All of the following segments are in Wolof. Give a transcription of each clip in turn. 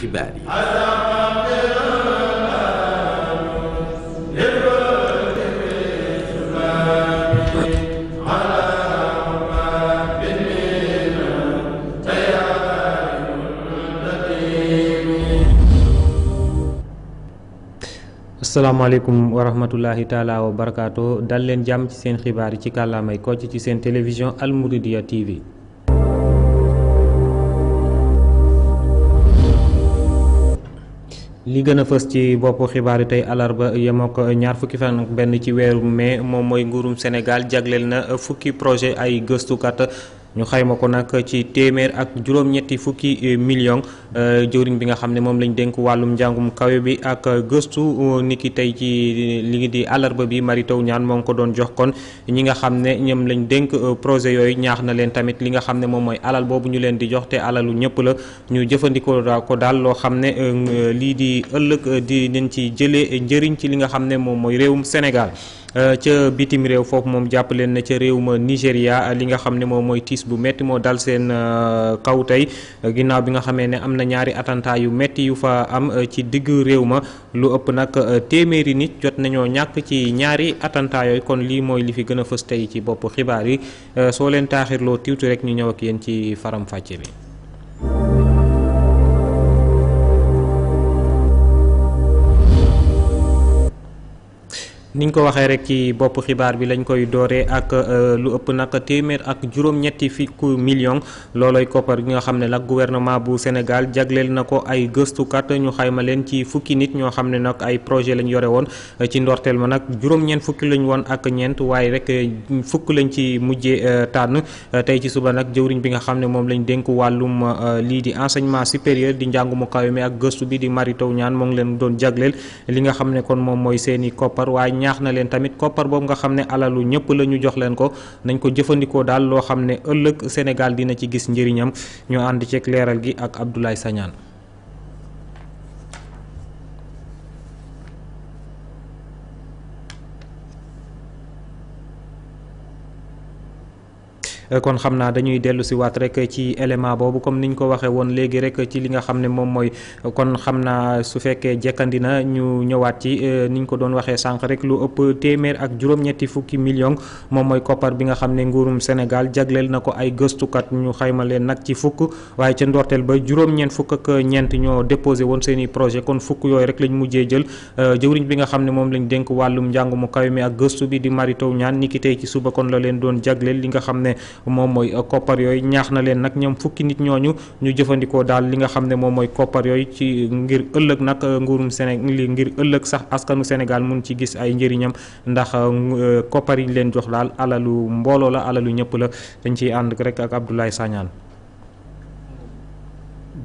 xibaar yi. asalaamaaleykum wa rahmatullahi taala wa barakaatu dal leen jàmm ci seen xibaar yi ci kàllaamay kocc ci seen télévision Al Mouridiyyah TV li gën a fës ci boppu xibaar yi tey alarba yemoo ko ñaar fukki fan benn ci weeru mai moom mooy nguurum Sénégal jagleel na fukki projet ay gëstukat ñu xayma ko nag ci téeméer ak juróom-ñetti fukki eh, millions eh, jëwriñ bi nga xam ne moom lañ dénk wàllum njàngum kawe bi ak gëstu eh, nit ki tey ci li ngi di àllarba bi Mary Teuw moo ngi ko doon jox kon ñi nga xam ne ñoom lañ dénk projet yooyu ñaax na leen tamit li nga xam ne moom mooy alal boobu ñu leen di jox te alalu ñëpp la ñu jëfandikoo ko daal loo xam ne lii di ëllëg di nañ ci jëlee njëriñ ci li nga xam ne moom mooy réewum Sénégal Euh, ca bitim réew foofu moom jàpp leen ne ca réew ma Nigéria li nga xam ne moom mooy tiis bu métti moo dal seen euh, kaw tey ginnaaw bi nga xamee ne am na ñaari attentat yu métti yu fa am euh, ci diggu réew ma lu ëpp nag téeméeri nit jot nañoo ñàkk ci ñaari attentat yooyu kon lii mooy li fi gën a fës tey ci bopp xibaar yi soo leen taaxirloo tuuti rek ñu ñëw ak yéen ci faramfàcce bi ni ñu ko waxee rek ci bopp xibaar bi lañ koy dooree ak euh, lu ëpp nag téeméer ak juróom-ñetti fi ku million loolooy koppar bi nga xam ne nag gouvernement bu Sénégal jagleel na ko ay gëstukat ñu xayma leen ci fukki nit ñoo xam ne nag ay projet lañ yore woon ci ndorteel ma nag juróom-ñeent fukki lañ woon ak ñeent waaye rek euh, fukk lañ ci mujjee euh, tànn tey ci suba nag jëwriñ bi nga xam ne moom lañ dénk wàllum lii di enseignement supérieur di njàngu mu ak gëstu bi di Mary Teuw Niane moo ngi leen doon jagleel li nga xam ne kon moom mooy seeni koppar waaye ñaax na leen tamit koppar boobu nga xam ne alalu ñëpp la ñu jox leen ko nañ ko jëfandikoo daal loo xam ne ëllëg Sénégal dina ci gis njëriñam ñu ànd ceeg leeral gi ak Abdoulaye sañaan kon xam naa dañuy dellu si waat rek ci élément boobu comme ni ñu ko waxee woon léegi rek ci li nga xam ne moom mooy kon xam naa su fekkee jekkandi na ñu ñëwaat ci euh, niñ ko doon waxee sànq rek lu ëpp téeméer ak juróom fukki millions moom mooy koppar bi nga xam ne nguurum Sénégal jagleel na ko ay gëstukat ñu xayma leen nag ci fukk waaye ca ndorteel ba juróom fukk ñeent ñoo déposé woon i projet kon fukk yooyu rek lañ mujjee jël euh, jëwriñ bi nga xam ne moom lañ dénk wàllum njàng mu kaw ak gëstu bi di Mary Teuw Niane tey ci suba kon la leen doon jagleel li nga xam ne moom mooy koppar yooyu ñaax na leen nag ñoom fukki nit ñooñu ñu jëfandikoo daal li nga xam ne moom mooy koppar yooyu ci ngir ëllëg nag euh, nguurum Sénégal ngir ëllëg sax askanu Sénégal mun ci gis ay njëriñam ndax euh, euh, koppar yi leen jox daal alalu mbooloo la alalu ñëpp la dañ ci ànd rek ak Abdoulaye saañaan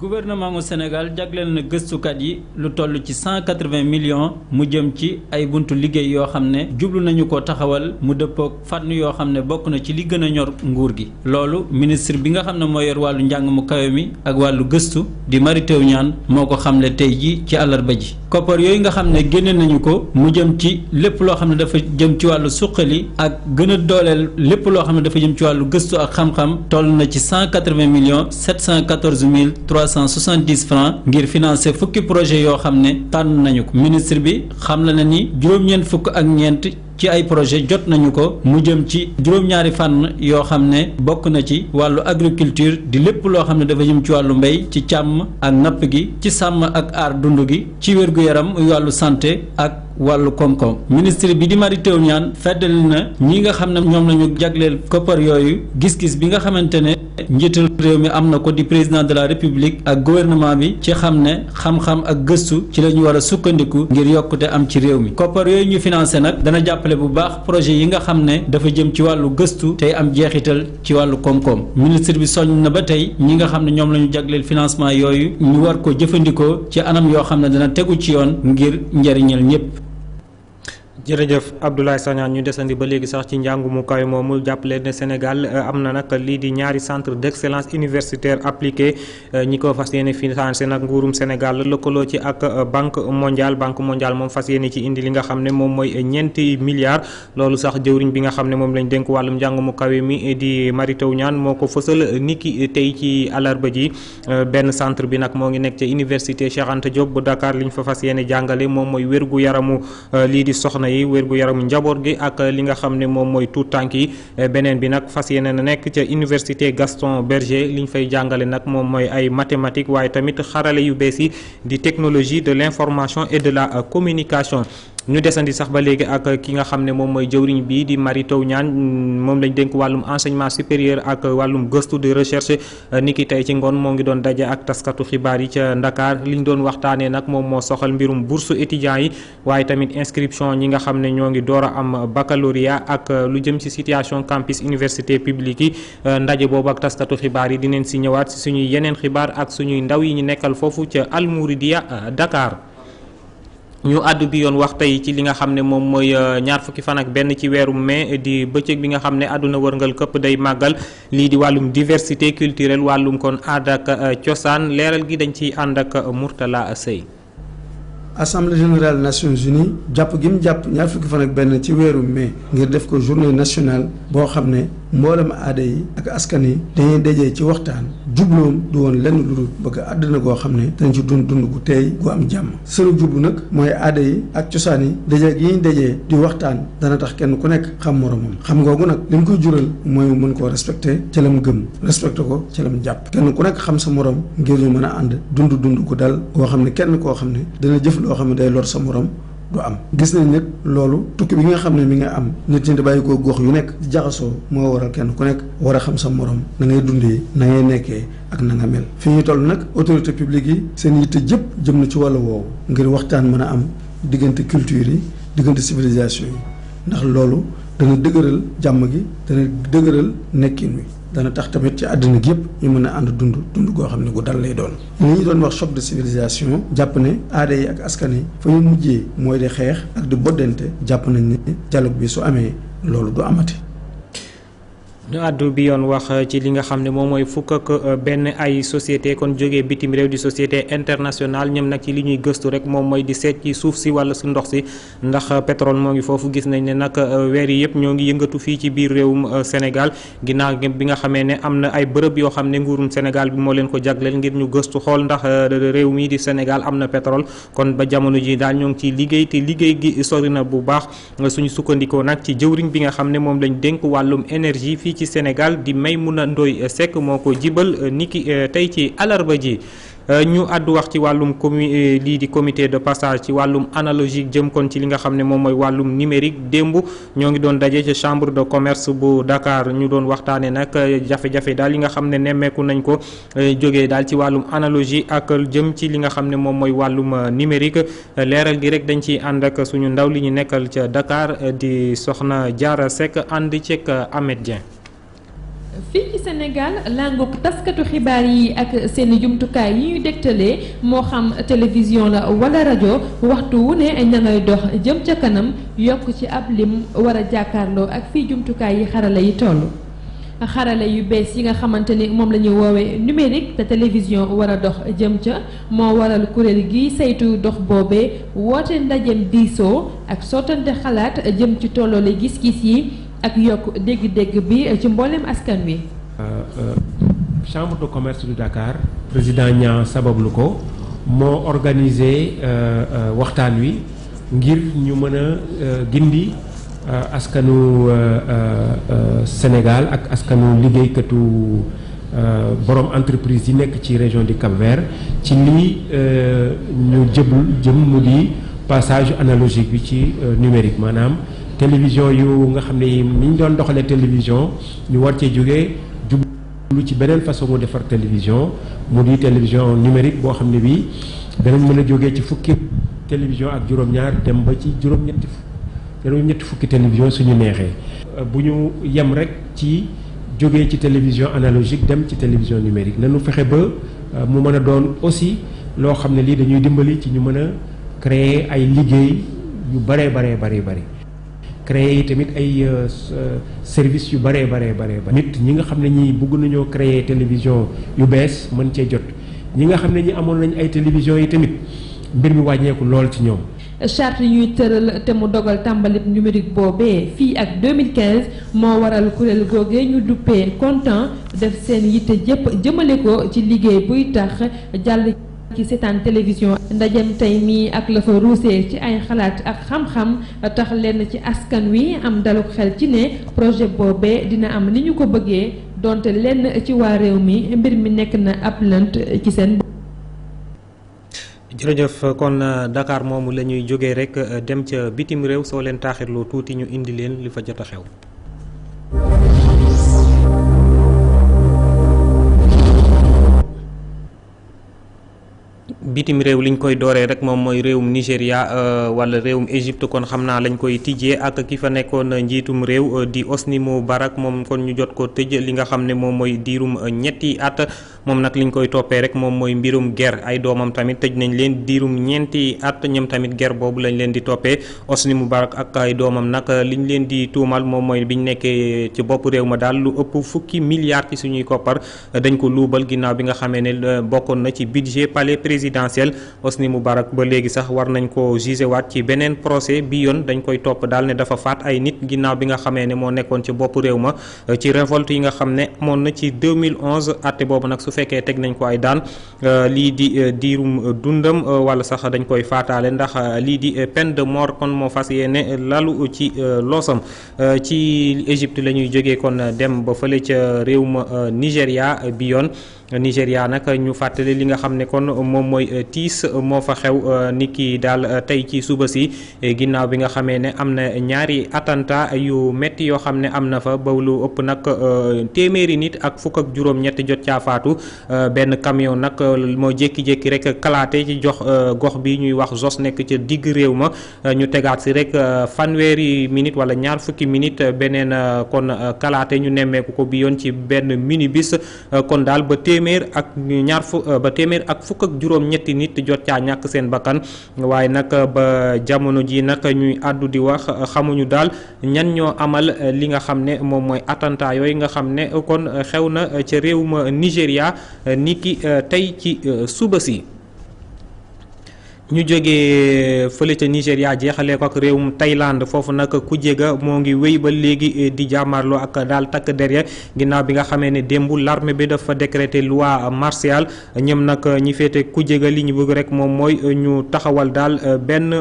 gouvernement gu Sénégal jagleel na gëstukat yi lu toll ci cent quatre-vingts millions mu jëm ci ay buntu liggéey yoo xam ne jublu nañu ko taxawal mu dëppoog fànn yoo xam ne bokk na ci li gën a ñor nguur gi. loolu ministre bi nga xam ne moo yor wàllu njàng mu kawe mi ak wàllu gëstu di Mary Teuw Niane moo ko xamle tey jii ci àllarba ji. koppar yooyu nga xam ne génne nañu ko mu jëm ci lépp loo xam ne dafa jëm ci wàllu suqali ak gën a dooleel lépp loo xam ne dafa jëm ci wàllu gëstu ak xam-xam toll na ci cent quatre-vingts millions cent quatorze mille trois cent soixante-dix francs ngir financer fukki projet yoo xam ne tànn nañu ko ministre bi xam la na ni juróom-ñeent fukk ak ñeent ci ay projet jot nañu ko mu jëm ci juróom-ñaari fànn yoo xam ne bokk na ci wàllu agriculture di lépp loo xam ne dafa jëm ci wàllu mbéy ci càmm ak napp gi ci sàmm ak aar dund gi ci wér yaram yaram wàllu santé ak wàllu koom-koom ministre bi di Mary Teuw Niane feddali na ñi nga xam ne ñoom lañu jagleel koppar yooyu gis-gis bi nga xamante ne njiital réew mi am na ko di président de la république ak gouvernement bi ci xam ne xam-xam ak gëstu ci la ñu war a sukkandiku ngir yokkute am ci réew mi koppar yooyu ñu financé nag dana jàppale bu baax projet yi nga xam ne dafa jëm ci wàllu gëstu tey am jeexital ci wàllu koom-koom ministre bi soññ na ba tey ñi nga xam ne ñoom la ñu jagleel financement yooyu ñu war ko jëfandikoo ci anam yoo xam ne dana tegu ci yoon ngir njëriñal ñëpp jërëjëf Abdoulaye Sagnane ñu desandi ba léegi sax ci njàngu mu kawe moomu jàppale Sénégal euh, am na nag lii di ñaari centre d' excellence universitaire appliqué euh, ñi ko fas yéene financé nag nguurum Sénégal lëkkaloo ci ak euh, banque mondiale banque mondiale moom fas yéene ci indi li nga xam ne moom mooy ñeenti milliards loolu sax jëwriñ bi nga xam ne moom lañ dénk wàllum njàngu mu kawe mi di Mary Teuw Niane moo ko fësal nikki tey ci àllarba ji benn centre bi nag moo ngi nekk université Cheikh Anta bu Dakar li ñu fa fas yéene jàngale moom mooy wérgu yaramu lii di soxna yi yi wérgu yaram njaboot gi ak li nga xam ne moom mooy tuut tànk yi beneen bi nag fas yéene a nekk ca université Gaston Berger li ñu fay jàngale nag moom mooy ay mathématiques waaye tamit xarale yu bees yi di technologie de l'information et de la communication ñu desandi sax ba léegi ak ki nga xam ne moom mooy jëwriñ bii di Mary Teuw Niane moom lañ dénk wàllum enseignement supérieur ak wàllum gëstu de recherche ni ki tey ci ngoon moo ngi doon daje ak taskatu xibaar yi ca Ndakaar li ñu doon waxtaanee nag moom moo soxal mbirum bourse étudiants yi waaye tamit inscription ñi nga xam ne ñoo ngi door a am baccalauréat ak lu jëm ci situation campus université publique yi ndaje boobu ak taskatu xibaar yi dinañ si ñëwaat si suñuy yeneen xibaar ak suñuy ndaw yi ñu nekkal foofu ca Al Mouridiyyah Dakar ñu àddu bi yoon wax tey ci li nga xam ne moom mooy euh, ñaar fukki fan ak benn ci weeru mais di bëccëg bi nga xam ne àdduna wërngal këpp day màggal lii di wàllum diversité culturelle wàllum kon aada ak euh, cosaan leeral gi dañ ciy ànd ak euh, Mourtala Sey. Assemblée générale Nations Unies jàpp gi mu jàpp ñaar fukki fan ak benn ci weeru mai ngir def ko journée nationale boo xam ne. mboolem aada yi ak askan yi dañuy daje ci waxtaan jubloom du woon lenn lu dul bëgg àdduna goo xam ne dañ ci dund dund gu teey gu am jàmm sëru jublu nag mooy aada yi ak cosaan yi dajee yi ñu dajee di waxtaan dana tax kenn ku nekk xam moromam xam googu nag li mu koy jural mooy mu mën koo respecté ca lam gëm respecté ko ca lam jàpp kenn ku nekk xam sa morom ngir ñu mën a ànd dund dund gu dal goo xam ne kenn koo xam ne dana jëf loo xam ne day lor sa morom du am gis nañ nit loolu tukki bi nga xam ne mi nga am nit ñi di bàyyi ko gox yu nekk jaxasoo moo waral kenn ku nekk war a xam sa morom na ngay dundee na nekkee ak na nga mel fi ñuy toll nag autorité publique yi seen yitte jëpp jëm na ci wàllu woowu ngir waxtaan mën a am diggante culture yi diggante civilisation yi ndax loolu dana dëgëral jàmm gi dana dëgëral nekkin wi dana tax tamit ci àddina gi yëpp ñu mën a ànd dund dund goo xam ne gu dal lay doon li ñu doon wax choc de civilisation jàpp ne aada yi ak askan yi fa ñu mujjee mooy di xeex ak di boddante jàpp nañ ne dialogue bi su amee loolu du amati ñu àddu bi yoon wax ci li nga xam ne moom mooy fukk ak euh, benn ay société kon jógee bitim réew di société international ñoom nag ci li ñuy gëstu rek moom mooy di seet ci suuf si wala si si ndax pétrole moo ngi foofu gis nañ ne nag euh, weer yëpp ñoo ngi yëngatu fii ci biir réewum euh, Sénégal ginnaaw bi nga xamee ne am na ay bërëb yoo xam ne nguurum Sénégal bi moo leen ko jagleel ngir ñu gëstu xool ndax réew mii di Sénégal am na pétrole kon ba jamono ji daal ñoo ngi ciy liggéey te liggéey gi sori na bu baax suñu sukkandikoo nag ci jëwriñ bi nga xam ne moom lañ dénk wàllum ci Sénégal di may Maimouna Ndoye Seck moo ko jibal euh, niki euh, tey ci alarba ji euh, ñu àddu wax ci wàllum commu lii di comité de passage ci wàllum analogie jëm kon ci li nga xam ne moom mooy wàllum numérique démb ñoo ngi doon daje ci chambre de commerce bu Dakar ñu doon waxtaanee nag jafe-jafe daal yi nga xam ne nemmeeku nañ ko jóge daal ci wàllum analogie ak jëm ci li nga xam ne moom mooy wàllum numérique leeral gi rek dañ ciy ànd ak suñu ndaw li ñu nekkal ca Dakar di soxna Diarra Seck ànd ceeg Ahmed fii ci Sénégal langub taskatu xibaar yi ak seen jumtukaay yi ñu dégtalee moo xam télévision la wala rajo waxtu wu ne ña ngay dox jëm ca kanam yokk ci ab lim war a jàkkaarloo ak fii jumtukaay yi xarala yi toll. xarala yu bees yi nga xamante ni moom la ñuy woowee numérique te télévision war a dox jëm ca moo waral kuréel gi saytu dox boobee woote ndajem diisoo ak sottante xalaat jëm ci tolloole gis-gis yi ak yokk dégg-dégg bi ci mbooleem askan wi. Euh, euh, chambre de commerce du Dakar président ñaa sabablu ko moo organisé euh, waxtaan wi ngir ñu mën a gindi askanu Sénégal ak askanu liggéeykatu borom entreprise yi nekk ci région du Cap-Vert ci lii ñu jëbul jëm mu di passage analogique bi ci numérique maanaam. télévision yu nga xam ne ni ñu doon doxalee télévision ñu war cee jógee jublu ci beneen façon mu defar télévision mu di télévision numérique boo xam ne bii danañ mën a jógee ci fukki télévision ak juróom-ñaar dem ba ci juróom-ñetti ñetti fukki télévision suñu neexee. bu ñu yem rek ci jóge ci télévision analogique dem ci télévision numérique nañu fexe ba euh, mu mën a doon aussi loo xam ne lii dañuy dimbali ci ñu mën a créer ay liggéey yu baree baree baree bare créer tamit ay euh, euh, service yu bëree baree baree ba nit ñi nga xam ne ñi bëgg nañoo créer télévision yu bees mën cee jot ñi nga xam ne ñi amoon nañ ay télévision yi tamit mbir mi wàññeeku lool ci ñoom chart ñuy tëral te mu dogal tàmbalit numérique boobee fii ak 2015 moo waral kuréel googee ñu duppee kontaan def seen yitte jëpp jëmale ko ci liggéey buy tax jàll ci seetaan télévision ndajem tey mii ak la fa ruusee ci ay xalaat ak xam-xam tax lenn ci askan wi am dalu xel ci ne projet boobee dina am ni ñu ko bëggee donte lenn ci waa réew mi mbir mi nekk na ab lënt ci seen jërëjëf kon euh, dakaar moomu la ñuy jógee rek euh, dem ca bitim réew soo leen taaxirloo tuuti ñu indi leen li fa jot a xew bitim réew liñ koy dooree rek moom mooy réewum Nigéria euh, wala réewum Égypte kon xam naa lañ koy tijjee ak ki fa nekkoon euh, njiitum réew euh, di Hosni Moubarak moom kon ñu jot ko tëj li nga xam ne moom mooy diirum ñetti at moom nag liñ koy toppee rek moom mooy mbirum guerre ay doomam tamit tëj nañ leen diirum ñeenti at ñoom tamit guerre boobu lañ leen di toppee mu barak ak ay doomam nag liñ leen di tuumal moom mooy biñ nekkee ci bopp réew ma daal lu ëpp fukki milliards ci suñuy koppar dañ ko luubal ginnaaw bi nga xamee ne bokkoon na ci budget palais présidentielle Hosni Moubarak ba léegi sax war nañ ko jugé waat ci beneen procès bi yoon dañ koy topp daal ne dafa faat ay nit ginnaaw bi nga xamee ne moo nekkoon ci bopp réew ma euh, ci révolte yi nga xam ne amoon na ci 2011 atte boobu nag su fekkee teg nañ ko ay daan euh, lii di euh, diirum dundam wala sax dañ koy faataale ndax lii di peine de mort kon moo fas yéene lalu ci loosam ci Égypte lañuy ñuy kon dem ba fële ca réew ma Nigéria bi yoon Nigéria nag ñu fàttali li nga xam ne kon moom mooy euh, tiis euh, moo fa xew euh, ni ki daal tey ci suba si ginnaaw bi nga xamee ne am na ñaari attentat yu métti yoo xam ne am na fa ba lu ëpp nag téeméeri nit ak fukk ak juróom-ñett jot caafaatu faatu benn camion nag moo jékki-jékki rek kalaate ci jox gox bi ñuy wax Zos nekk ca digg réew ma ñu tegaat si rek fanweeri minute wala ñaar fukki minute beneen kon kalaate ñu nemmeeku ko bi yoon ci benn minibus kon daal téeméer ak ñaar euh, ba téeméer ak fukk ak juróom-ñetti nit jot caa ñàkk seen bakkan waaye nag euh, ba jamono ji nag ñuy àddu di wax euh, xamuñu daal ñan ñoo amal li nga xam ne moom mooy attentat yooyu nga xam ne kon xew na ca réewum Nigéria ki tey ci suba si. ñu jógee fële ca Nigéria jeexalee ko ak réewum Thaïlande foofu nag ku jéga moo ngi wéy ba léegi eh, di jaamarloo ak daal takk derrière ginnaaw bi nga xamee ne démb l'armée bi dafa décréter loi martiale ñoom nag eh, ñi féete ku jéga li ñu bëgg rek moom mooy eh, ñu taxawal daal benn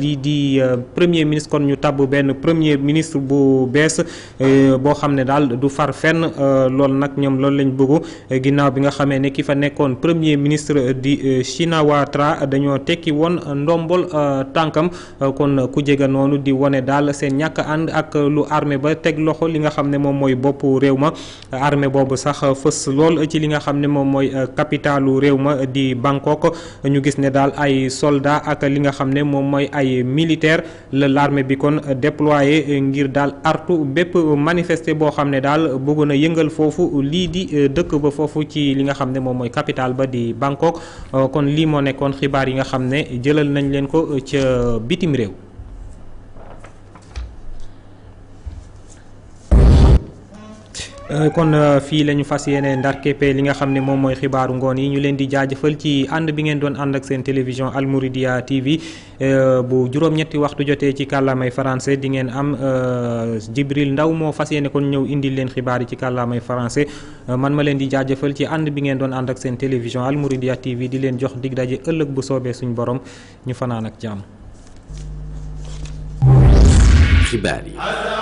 lii di premier ministre kon ñu tabb benn premier ministre bu bees boo xam ne daal du far fenn loolu nag ñoom loolu lañ bëggu ginnaaw bi nga xamee ne ki fa nekkoon premier ministre di Shinawatra tekki woon euh, ndombol euh, tànkam euh, kon ku jege noonu di wane daal seen ñàkk ànd ak lu armée ba teg loxo li nga xam ne moom mooy boppu réew ma armée boobu sax fës lool ci li nga xam ne moom mooy capitalu réew ma di Bangkok ñu gis ne daal ay soldats ak li nga xam ne moom mooy ay militaires la l'armée bi kon déployé ngir daal artu bépp manifester boo xam ne daal bëgg yëngal foofu lii di dëkk ba foofu ci li nga xam ne moom mooy capital ba di Bangkok kon lii moo nekkoon xibaar yi nga xam xam ne jëlal nañ leen ko ca bitim réew Euh, kon euh, fii la ñu fas yéene ndar keppe li nga xam ne moom mooy xibaaru ngoon yi ñu leen di jaajëfal ci ànd bi ngeen doon ànd ak seen télévision Almouridiya TV euh, bu juróom-ñetti waxtu jotee ci kàllaamay français di ngeen am Jibril Ndaw moo fas yéene kon ñëw indi leen xibaar yi ci kàllaamay français man ma leen di jaajëfal ci ànd bi ngeen doon ànd ak seen télévision Almouridiya TV di leen jox dig daje ëllëg bu soobee suñu borom ñu fanaan ak jàmm. xibaar yi.